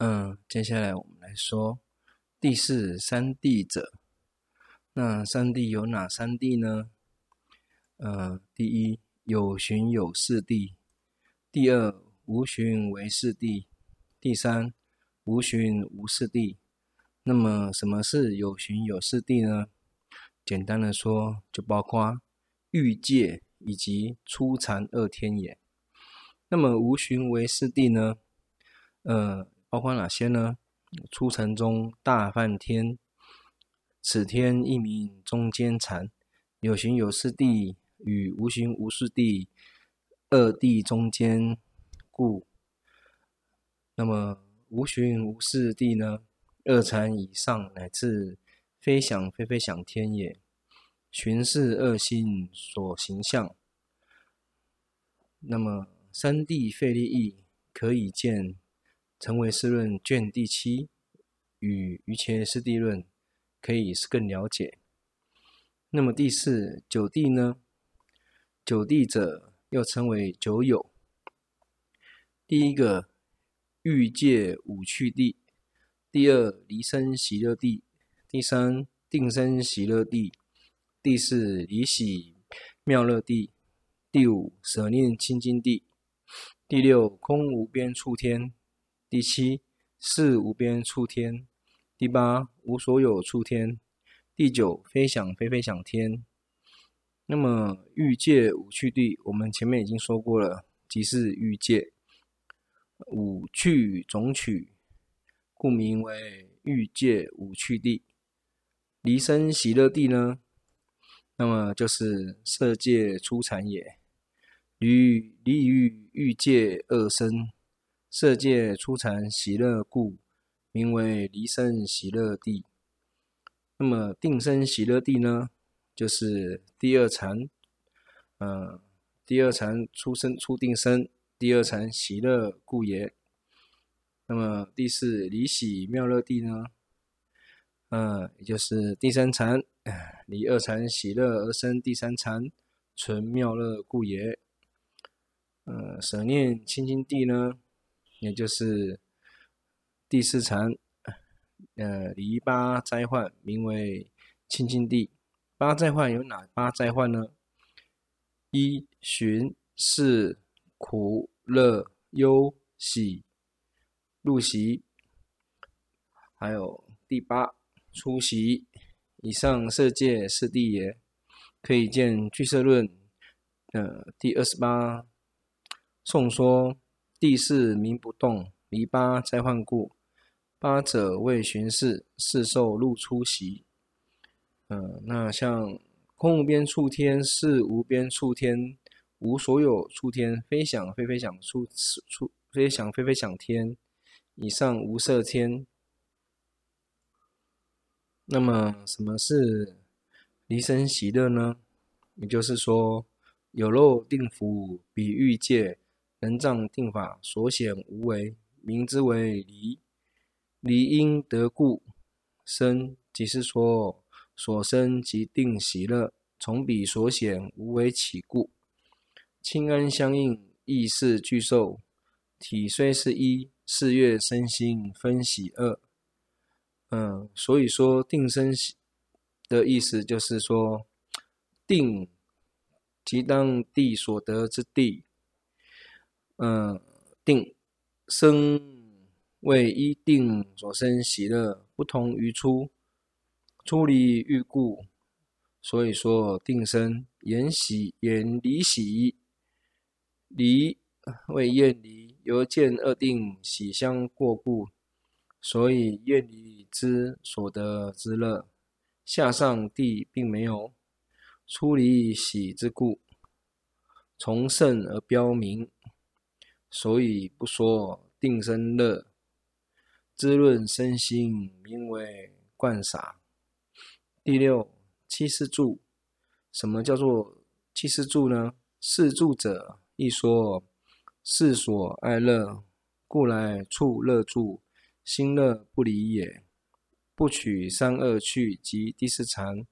嗯，接下來我們來說第四三地者。那三地有哪三地呢？呃，第一有尋有伺地，第二無尋唯伺地，第三無尋無伺地。那麼什麼是有尋有伺地呢？簡單的說，就包括欲界以及初禪二天也。那麼無尋唯伺地呢？呃。包括哪些呢？初禪中大梵天，此天亦名中間禪，有尋有伺地與無尋無伺地二地中間故。那麼無尋無伺地呢？二禪以上乃至非想非非想天也，尋伺二心所形象。那麼三地廢立義可以見。成為唯識論卷第七與瑜伽師地論可以是更了解。那麼第四九地呢？九地者又稱為九有。第一個欲界五趣地，第二離生喜樂地，第三定生喜樂地，第四離喜妙樂地，第五捨念清淨地，第六空無邊處天。第七，識無邊處天；第八，無所有處天；第九，非想非非想天。那麼欲界五趣地，我們前面已經說過了，即是欲界五趣總取，故名為欲界五趣地。離生喜樂地呢？那麼就是色界初禪也，與離欲欲界二生。色界初禪喜樂故，名為離生喜樂地。那麼定生喜樂地呢，就是第二禪，嗯、呃，第二禪出生出定生，第二禪喜樂故也。那麼第四離喜妙樂地呢，嗯、呃，也就是第三禪，離二禪喜樂而生，第三禪純妙樂故也。嗯、呃，捨念清淨地呢。也就是第四禪，呃，離八災患名為清淨地。八災患有哪八災患呢？一、尋伺苦樂憂喜入息，還有第八出息。以上色界四地也，可以見《俱舍論》的、呃、第二十八頌說。第四名不動，離八災患故。八者謂尋伺，四受入出息。嗯、呃，那像空無邊處天，識無邊處天，無所有處天，非想非非想處，非想非非想天，以上無色天。那麼什麼是離生喜樂呢？也就是說，有漏定福比欲界。人葬定法所顯無為，名之為離。離因得故生，即是說所生即定喜樂，從彼所顯無為起故，輕安相應，意識俱受。體雖是一，四月身心分喜惡。嗯，所以說定生的意思就是說定即當地所得之地。嗯、呃，定生為依定所生喜樂，不同於出出離欲故。所以說，定生言喜言離喜，離為厭離，由見二定喜相過故，所以厭離之所得之樂，下上地並沒有出離喜之故，從勝而標明。所以不說定生樂，滋潤身心，名為灌灑。第六七世住，什麼叫做七世住呢？世住者，一說世所愛樂，故來處樂住，心樂不離也。不取三惡趣及第四常，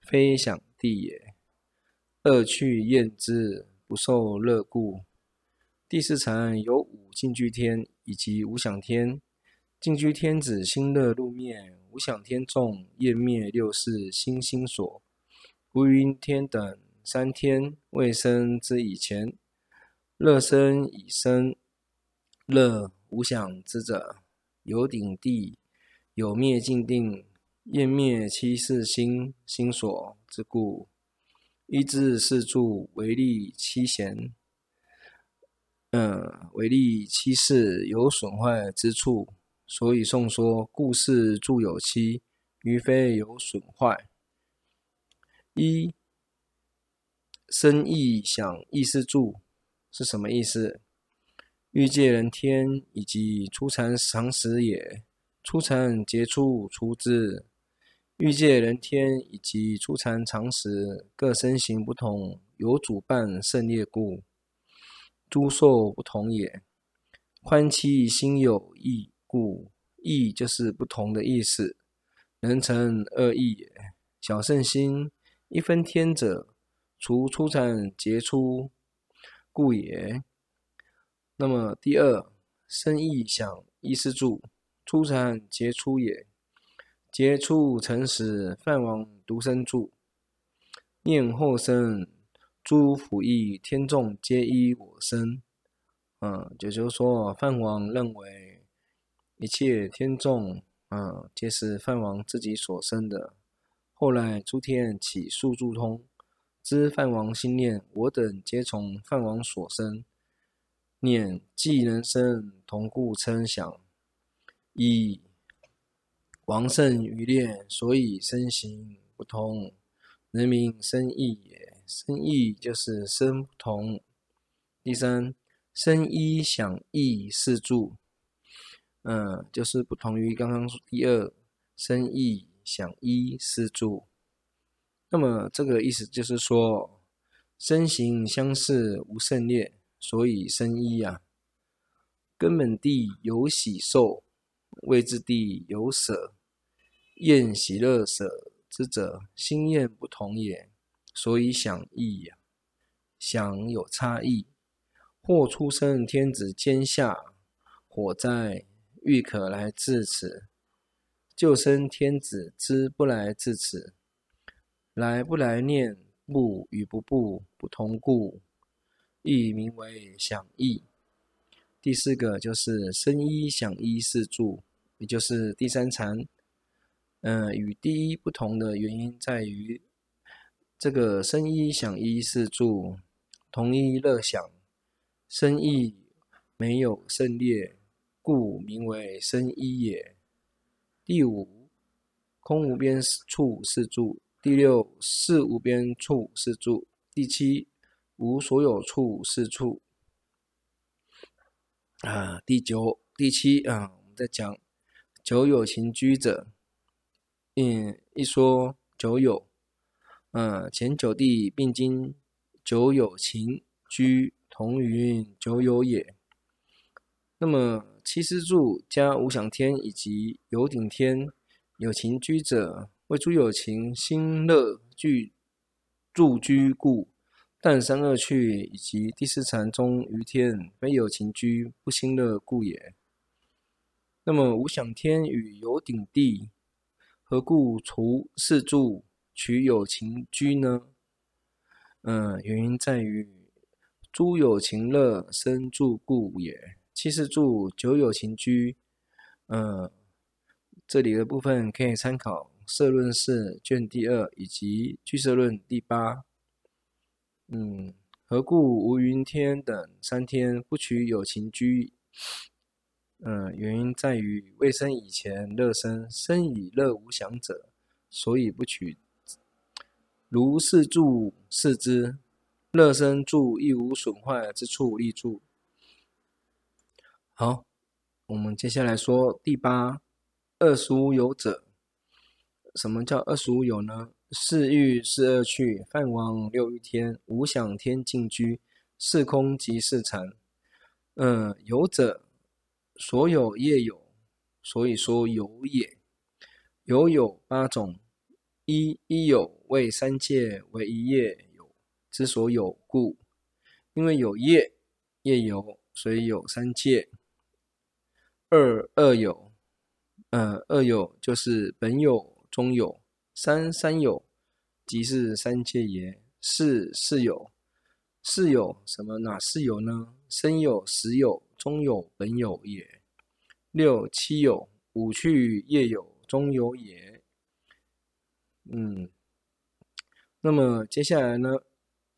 非想地也。惡趣厭之，不受樂故。第四層有五淨居天以及無想天。淨居天子心樂入滅，無想天眾厭滅六事心心所，無雲天等三天未生之以前，樂生以生，樂無想之者，有頂地，有滅盡定，厭滅七事心心所之故，一至四柱，為立七賢。嗯，為、呃、利七世有損壞之處，所以頌說故識住有七，餘非有損壞。一，身異想異識住是什麼意思？欲界人天以及初禪常識也，初禪結處出之。欲界人天以及初禪常識，各身形不同，有主伴勝劣故。諸受不同也，寬期心有異故，異就是不同的意思。能成惡意也，小勝心一分天者，除初禪劫初故也。那麼第二生異想一識住，初禪劫初也，劫初成時，梵王獨生住，念後生。諸福役，天眾皆依我生。嗯、呃，就就說，梵王認為一切天眾，啊、呃、皆是梵王自己所生的。後來諸天起宿住通，知梵王心念：我等皆從梵王所生，念既人生同故稱，稱想一，王勝於劣，所以身形不同，人民生異也。身異就是身不同，第三身一想異識住，嗯、呃，就是不同於剛剛第二身異想一識住。那麼這個意思就是說，身形相似無勝劣，所以身一呀、啊。根本地有喜受，位置地有捨，厭喜樂捨之者，心厭不同也。所以想意、啊，想有差異，或出生天子天下火災欲可來至此，就生天子之不來至此，來不來念不與不不不同故，亦名為想義。第四個就是生一想一四住，也就是第三禪。嗯、呃，與第一不同的原因在於。這個身一想一識住，同一樂想，身一沒有勝劣，故名為身一也。第五，空無邊處識住。第六，識無邊處識住。第七，無所有處識住。啊，第九、第七啊，我們再講九有情居者。嗯，一說九有，嗯、啊，前九地並經九有情居同云九有也。那麼七識住加無想天以及有頂天有情居者，為諸有情心樂聚住居故；但三惡趣以及第四禪中於天非有情居不心樂故也。那麼無想天與有頂地何故除四住？取有情居呢？嗯，原因在於諸有情樂生住故也。七識住、九有情居，嗯，這裡的部分可以參考《舍論釋》卷第二以及《俱舍論》第八。嗯，何故無雲天等三天不取有情居？嗯，原因在於未生以前樂生，生以樂無想者，所以不取。如是住，是之；樂身住，亦無損壞之處，立住。好，我們接下來說第八二十五有者。什麼叫二十五有呢？四洲四惡趣，梵王六欲天、無想天淨居，四空即四禪。呃，有者，所有業有，所以說有也。有有八種。一一有，為三界為一業有之所有故，因為有業，業有所以有三界。二二有，呃二有就是本有中有。三三有，即是三界也。四四有。四有什麼，哪四有呢？生有、死有、中有、本有也。六七有，五趣業有中有也。嗯，那麼接下來呢，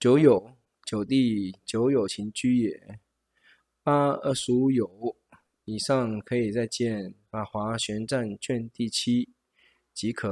九有，九地九有情居也。八二十五有，以上可以再見法華玄贊卷第七即可。